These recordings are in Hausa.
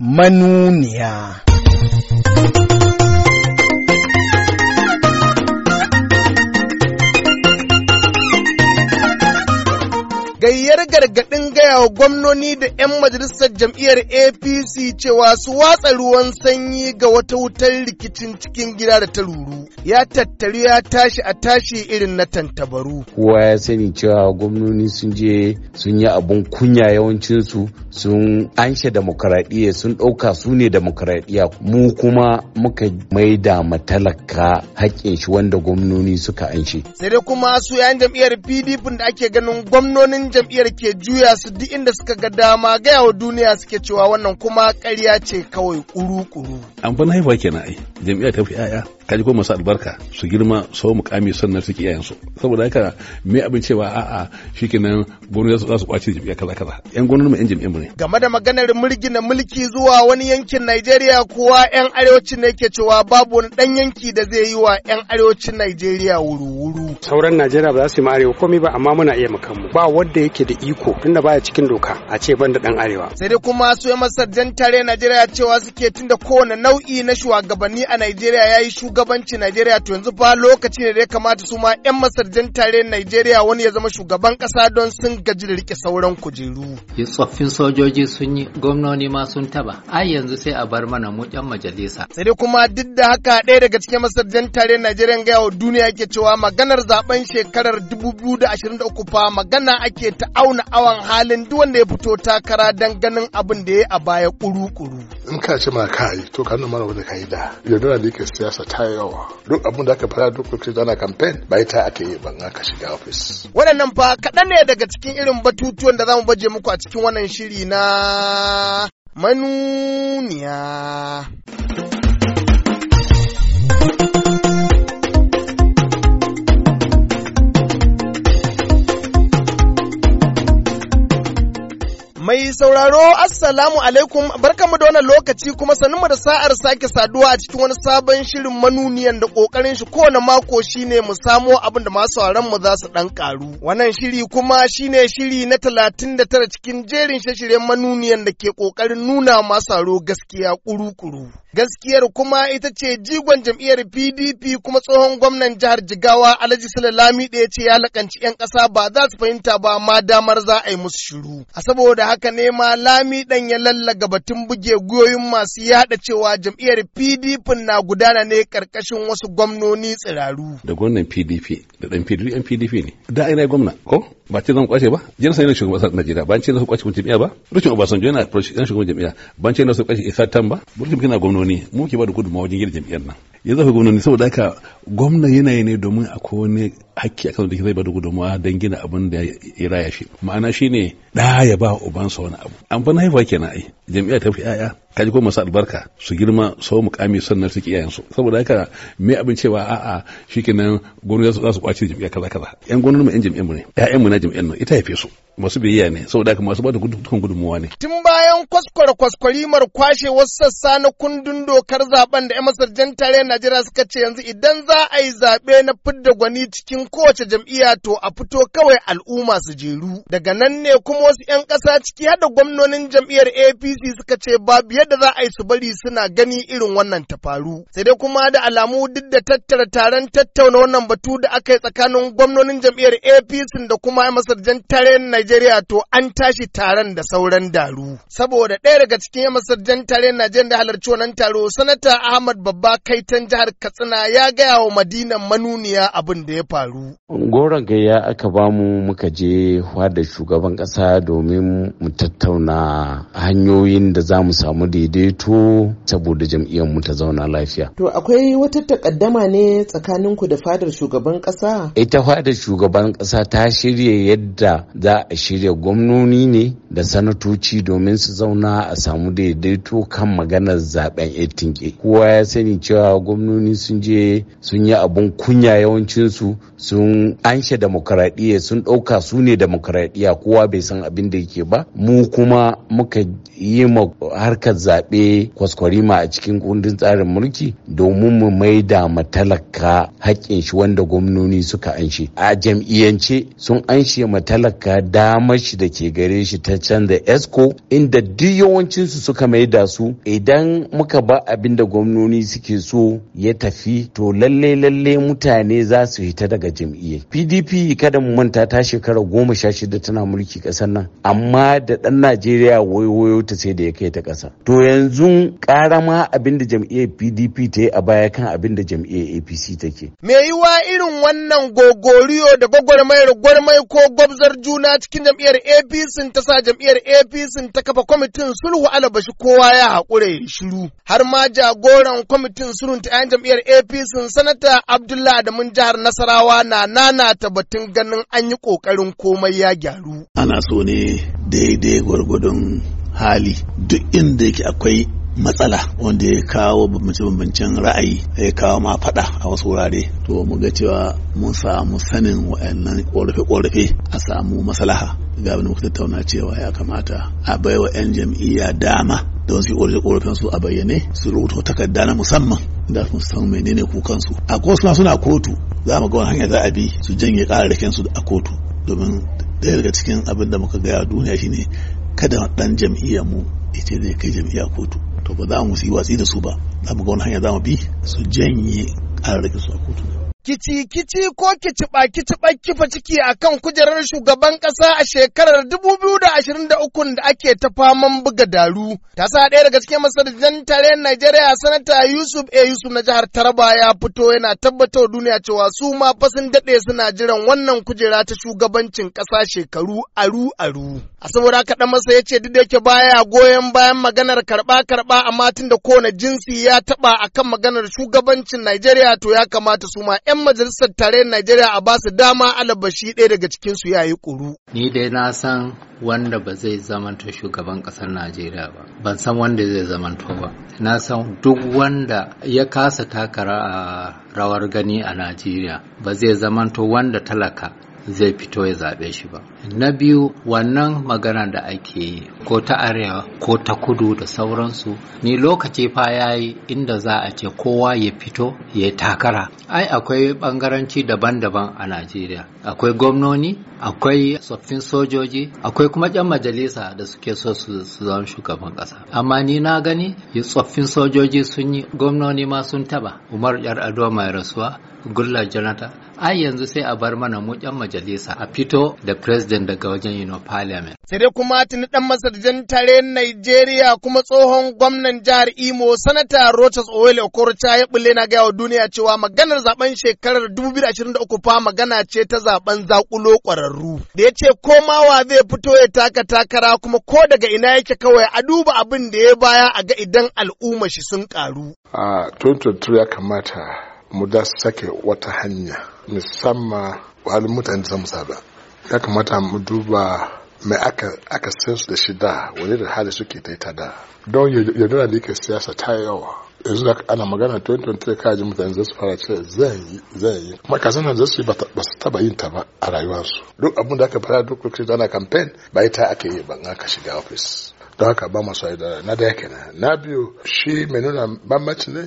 manuniya. gayyar gargaɗin gaya wa gwamnoni da 'yan majalisar jam'iyyar apc cewa su watsa ruwan sanyi ga wata wutar rikicin cikin gida da ta ruru ya tattaru ya tashi a tashi irin na tantabaru kowa ya sani cewa gwamnoni sun je sun yi abun kunya yawancinsu sun anshe demokaradiyya sun ɗauka su ne demokaradiyya mu kuma muka maida matalaka haƙƙin shi wanda gwamnoni suka anshe sai dai kuma su 'yan jam'iyyar pdp da ake ganin gwamnonin jam'iyyar ke juya su duk inda suka ga dama gaya wa duniya suke cewa wannan kuma ƙarya ce kawai kuru-kuru. Amfani haifa kenan ai jam'iyyar ta fi 'ya'ya kaji ko masu albarka su girma sau mukami sannan suke yayan su saboda haka me abin cewa a'a shikenan gwamnati za su kwace jam'iyyar kaza kaza yan gwamnati yan jam'iyyar ne game da maganar na mulki zuwa wani yankin Najeriya kuwa yan arewacin ne ke cewa babu wani dan yanki da zai yi wa yan arewacin Najeriya wuru-wuru sauran Najeriya ba za su yi ma arewa komai ba amma muna iya mu ba wanda wanda yake da iko tunda baya cikin doka a ce ban dan arewa sai dai kuma su yi masarjan tare najeriya cewa suke tunda kowane nau'i na shugabanni a najeriya ya yi shugabanci najeriya to yanzu fa lokaci ne da ya kamata su ma yan masarjan tare najeriya wani ya zama shugaban kasa don sun gaji da rike sauran kujeru tsoffin sojoji sun yi gwamnoni ma sun taba ai yanzu sai a bar mana mu yan majalisa sai dai kuma duk da haka ɗaya daga cikin masarjan tare najeriya ga duniya ke cewa maganar zaben shekarar 2023 fa magana ake take ta auna awan halin duk wanda ya fito takara dan ganin abin da ya a baya kuru-kuru. In ka ce ma ka yi to ka nuna mana wanda ka yi da. Yanzu na da yake siyasa ta yawa. Duk abin da aka fara duk kuke zana kamfen bai ta ake yi ban aka shiga ofis. Waɗannan fa kaɗan ne daga cikin irin batutuwan da zamu baje muku a cikin wannan shiri na manuniya. Mai sauraro Assalamu alaikum barkamu da wannan lokaci kuma sanin mu da sa'ar sake saduwa a cikin wani sabon shirin manuniyan da kokarin shi kowane mako shine mu samo abin da masu sauran mu za su dan karu. Wannan shiri kuma shine shiri na 39 cikin jerin shirye-shiryen manuniyan da ke kokarin nuna masu sauraro gaskiya kuru-kuru. Gaskiyar kuma ita ce jigon jam'iyyar PDP kuma tsohon gwamnan jihar Jigawa Alhaji salalami da ya ce ya lakanci 'yan ƙasa ba za su fahimta ba ma damar za a yi musu shiru. A saboda haka aka nema lami ɗan ya lallaga batun buge guyoyin masu yada cewa jam'iyyar PDP na gudana ne karkashin wasu gwamnoni tsiraru. Da gwamnan PDP da ɗan PDP ne. Da ina gwamna ko? ba ce zan kwace ba sai ne shugaban Najeriya ban ce na su kwace mutum jami'a ba Burkin Obasanjo yana yana shugaban jami'a ban ce na su kwace Isa Tan ba Burkin kina gwamnoni mu ke ba da gudunmawa wajen gina jami'ar nan ya ka gwamnoni saboda haka gwamna yanayi ne domin akwai wani hakki akan da zai ba da gudunmawa don gina abin da ya raya shi ma'ana shine da ya ba sa wani abu an fa na haifa kenan ai jami'a ta fi 'ya'ya kaji ko masu albarka su girma sau mukami sannan su iyayen su saboda haka me abin cewa a'a shikenan gwamnati za su kwace jami'a kaza kaza yan gwamnati mu yan jami'an mu ne ƴaƴan mu na jami'an nan ita haife su masu biyayya ne saboda haka masu da gudun gudunmuwa ne tun bayan kwaskwar kwaskwarimar kwashe wasu sassa na kundin dokar zaben da 'yan jan tare Najeriya suka ce yanzu idan za a yi zaɓe na fidda gwani cikin kowace jam'iyya to a fito kawai al'umma su jeru daga nan ne kuma wasu 'yan ƙasa ciki hada gwamnonin jam'iyyar APC suka ce babu yadda za a yi su bari suna gani irin wannan ta faru. Sai dai kuma da alamu duk da tattara taron tattauna wannan batu da aka yi tsakanin gwamnonin jam'iyyar APC da kuma masarjan na Najeriya to an tashi taron da sauran daru. Saboda ɗaya daga cikin masarjan na Najeriya da halarci wannan taro sanata Ahmad Babba Kai tan jihar Katsina ya gaya wa Madina manuniya abin da ya faru. Goron gayya aka bamu muka je da shugaban ƙasa domin mu tattauna hanyoyin da za mu samu daidaito saboda jam'iyyar mu ta zauna lafiya. To akwai wata takaddama ne tsakanin ku da fadar shugaban kasa? Ita fadar shugaban kasa ta shirya yadda za a shirya gwamnoni ne da sanatoci domin su zauna a samu daidaito kan maganar zaben etinke. Kowa ya sani cewa gwamnoni sun je sun yi abun kunya yawancinsu sun anshe demokaradiyya sun ɗauka su ne demokaradiyya kowa bai san abin da yake ba mu kuma muka yi ma harkar zaɓe kwaskwarima a cikin kundin tsarin mulki domin mu maida matalaka haƙƙin shi wanda gwamnoni suka anshe a jam'iyyance sun anshe matalaka damar shi da ke gare shi ta canza esco inda duk yawancinsu suka maida su idan muka ba abin da gwamnoni suke so ya tafi to lalle lalle mutane za su fita daga jam'iyya pdp kada mu manta ta shekara goma sha shida tana mulki ƙasar nan amma da ɗan najeriya wayo ta sai da ya kai ta ƙasa to yanzu karama abin da jam'iyyar pdp ta yi a baya kan abin da jam'iyyar apc take me wa irin wannan gogoriyo da gwagwarmayar gwarmai ko gwabzar juna cikin jam'iyyar apc ta sa jam'iyyar apc ta kafa kwamitin sulhu alabashi kowa ya haƙure shiru har ma jagoran kwamitin sulhu ta 'yan jam'iyyar apc sanata abdullah adamun jihar nasarawa na nana batun ganin an yi ƙoƙarin komai ya gyaru ana so ne daidai gwargwadon hali duk inda yake akwai matsala wanda ya kawo bambance-bambancen ra'ayi ya kawo ma faɗa a wasu wurare to mu ga cewa mun samu sanin wa'annan ƙorafe-ƙorafe a samu masalaha. ga abin muka tattauna cewa ya kamata a baiwa 'yan jam'iyya dama don su yi ƙorafe su a bayyane su rubuta takarda na musamman da su san menene kukansu a ko suna kotu za mu ga wani hanya za a bi su janye ƙararrakin su a kotu domin ɗaya daga cikin abin da muka gaya duniya shine kada dan jam'iyyar mu ita zai kai jam'iyya kotu to ba za mu yi watsi da su ba za mu ga wani hanya za mu bi su janye ƙararraki su a kotu kici-kici ko kiciɓa-kiciɓa kifa ciki akan kujerar shugaban kasa a shekarar 2023 da ake ta faman buga daru. Ta sa ɗaya daga cikin masarjan tarayyar Najeriya sanata Yusuf A. Yusuf na jihar Taraba ya fito yana tabbatar duniya cewa su ma fa sun daɗe suna jiran wannan kujera ta shugabancin ƙasa shekaru aru-aru. A saboda haka dan masa yace ce duk da yake baya goyon bayan maganar karɓa-karɓa amma tun da kowane jinsi ya taba akan maganar shugabancin Najeriya to ya kamata su ma 'yan 'yan majalisar tarayyar Najeriya a ba su dama alabashi ɗaya daga cikinsu ya yi ƙuru. Ni dai na san wanda ba zai zamanta shugaban ƙasar Najeriya ba. Ban san wanda zai zamanto ba. Na san duk wanda ya kasa takara a rawar gani a Najeriya ba zai zamanto wanda talaka zai fito ya zaɓe shi ba. Na biyu wannan magana da ake yi ko ta arewa ko ta kudu da sauransu ni lokaci fa ya yi inda za a ce kowa ya fito ya yi takara. Ai akwai ɓangaranci daban-daban a Najeriya. Akwai gwamnoni, akwai tsoffin sojoji, akwai kuma 'yan majalisa da suke so su zama shugaban ƙasa. Amma ni na gani tsoffin sojoji sun yi gwamnoni ma sun taɓa. Umar Yar Ado mai rasuwa, Gulla Janata. ai yanzu sai a bar mana mu majalisa a fito da president daga wajen yino parliament sai dai kuma tuni dan masarjan tare Najeriya kuma tsohon gwamnan jihar Imo sanata Rochas Owele Okorocha ya bulle na gaya wa duniya cewa maganar zaben shekarar 2023 fa magana ce ta zaben zakulo kwararru da ya ce wa zai fito ya taka takara kuma ko daga ina yake kawai a duba abin da ya baya a ga idan al'umma shi sun karu a 2023 ya kamata mu da sake wata hanya musamman wani mutane da musada ya kamata mu duba mai aka aka su da shi da wani da hali suke ta ta da don yaudara da yake siyasa ta yawa yanzu da ana magana 2023 kaji mutane zai su fara ce zai yi zai yi kuma kasan nan su yi ba su taba yin ta ba a rayuwarsu duk abin da aka fara duk lokacin da ana campaign ba ita aka yi ba aka shiga ofis. da haka ba masu aida na daya kenan na biyu shi mai nuna bambanci ne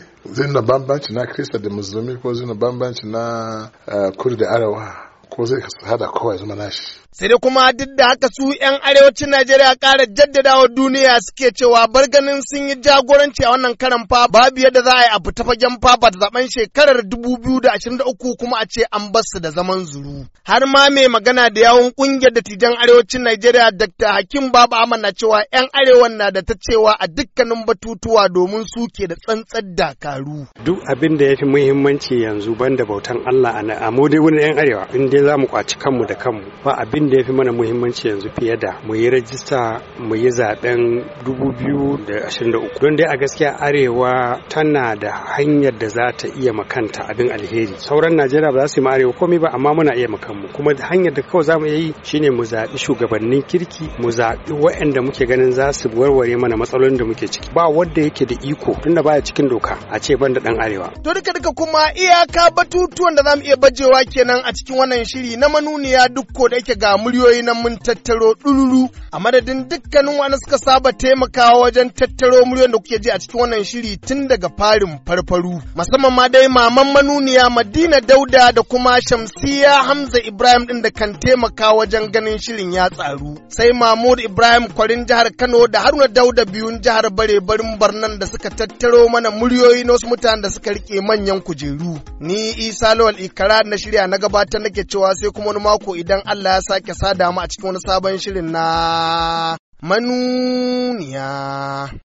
bambanci na krista da musulmi ko zai bambanci na eh, kudu da arewa ko zai hada kowai zama nashi sai dai kuma duk da haka su 'yan arewacin Najeriya ƙara jaddadawa duniya suke cewa bar ganin sun yi jagoranci a wannan karan fa babu yadda za a yi abu ta fagen fa ba zaben shekarar 2023 kuma a ce an bar da zaman zuru. Har ma mai magana da yawun ƙungiyar dattijan arewacin Najeriya Dr. Hakim Baba Ahmad na cewa 'yan arewan na da ta cewa a dukkanin batutuwa domin su ke da tsantsar dakaru. Duk abin da ya fi muhimmanci yanzu banda bautan Allah a mu dai wurin 'yan arewa in dai za kwaci kanmu da kanmu ba abin abin da ya fi mana muhimmanci yanzu fiye da mu yi rajista mu yi zaben 2023 don dai a gaskiya arewa tana da hanyar da za ta iya makanta abin alheri sauran najeriya ba za su yi arewa komai ba amma muna iya makanmu kuma hanyar da kawai za mu iya yi shine mu zaɓi shugabannin kirki mu zaɓi waɗanda muke ganin za su warware mana matsalolin da muke ciki ba wanda yake da iko tunda baya cikin doka a ce ban da ɗan arewa. to duka duka kuma iyaka batutuwan da za mu iya bajewa kenan a cikin wannan shiri na manuniya duk ko da yake ga muryoyi na mun tattaro ɗululu a madadin dukkanin wani suka saba taimakawa wajen tattaro muryoyin da kuke ji a cikin wannan shiri tun daga farin farfaru musamman ma dai maman manuniya Madina Dauda da kuma Shamsiya Hamza Ibrahim ɗin da kan taimaka wajen ganin shirin ya tsaru sai Mahmud Ibrahim Kwarin jihar Kano da Haruna Dauda biyun jihar Bare barin Barnan da suka tattaro mana muryoyi na wasu mutanen da suka rike manyan kujeru ni Isa Lawal Ikara na shirya na gabatar nake cewa sai kuma wani mako idan Allah ya sake sake sada mu a cikin wani sabon shirin na manuniya.